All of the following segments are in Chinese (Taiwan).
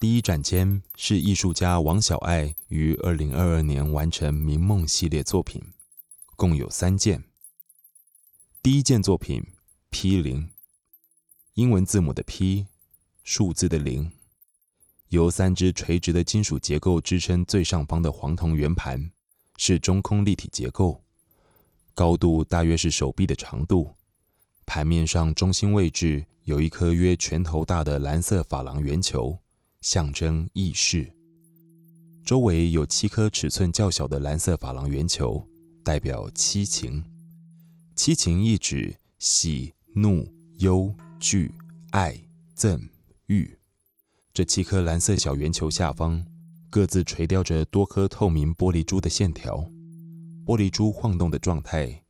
第一展間是藝術家王筱璦於二零二二年完成《明夢》系列作品，共有三件。第一件作品 “P 零”，英文字母的 “P”，數字的“零”，由三隻垂直的金屬結構支撐，最上方的黃銅圓盤是中空立體結構，高度大約是手臂的長度。盤面上中心位置有一顆約拳頭大的藍色珐琅圓球。象徵意識，周圍有七顆尺寸較小的藍色珐琅圓球，代表七情。七情意指喜、怒、憂、懼、愛、憎、欲。這七顆藍色小圓球下方各自垂吊着多顆透明玻璃珠的線條，玻璃珠晃動的狀態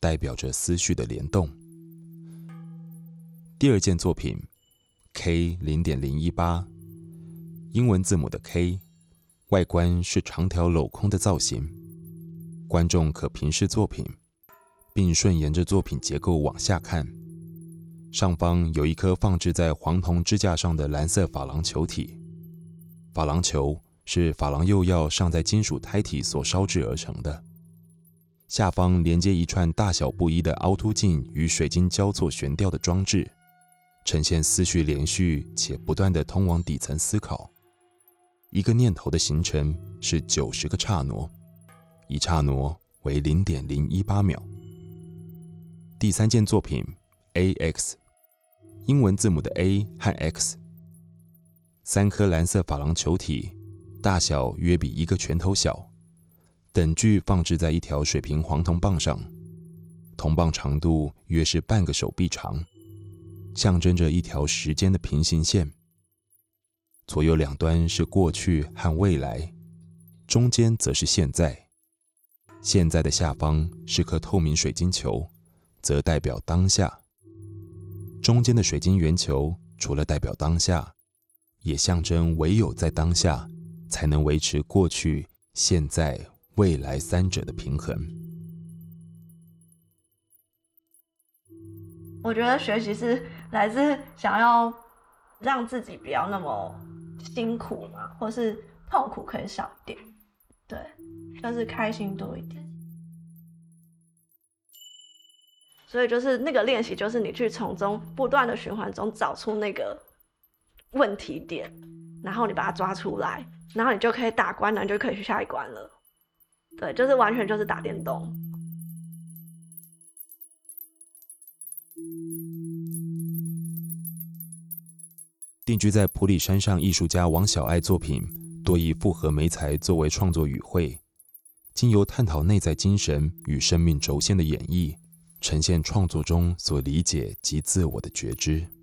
代表着思緒的聯動。第二件作品，K 零點零一八。英文字母的 K，外觀是長條鏤空的造型，觀眾可平視作品，並順沿着作品結構往下看。上方有一顆放置在黃銅支架上的藍色珐琅球體，珐琅球是珐琅釉藥上在金屬胎體所燒製而成的。下方連接一串大小不一的凹凸鏡與水晶交錯懸吊的裝置，呈現思緒連續且不斷的通往底層思考。一個念頭的形成是九十個剎那，一剎那為零點零一八秒。第三件作品，A X，英文字母的 A 和 X，三顆藍色珐琅球體，大小約比一個拳頭小，等距放置在一條水平黃銅棒上，銅棒長度約是半個手臂長，象徵着一條時間的平行線。左右兩端是過去和未來，中間則是現在。現在的下方是顆透明水晶球，則代表當下。中間的水晶圓球，除了代表當下，也象徵唯有在當下，才能維持過去、現在、未來三者的平衡。我覺得學習是來自想要讓自己不要那麼辛苦嘛，或是痛苦可以少一點，對，但，就是開心多一點。所以就是那個練習，就是你去從中不斷的循環中找出那個問題點，然後你把它抓出來，然後你就可以打關，然後你就可以去下一關了。對，就是完全就是打電動。定居在埔里山上，藝術家王筱璦作品多以複合媒材作為創作語彙，經由探討內在精神與生命軸線的演繹，呈現創作中所理解及自我的覺知。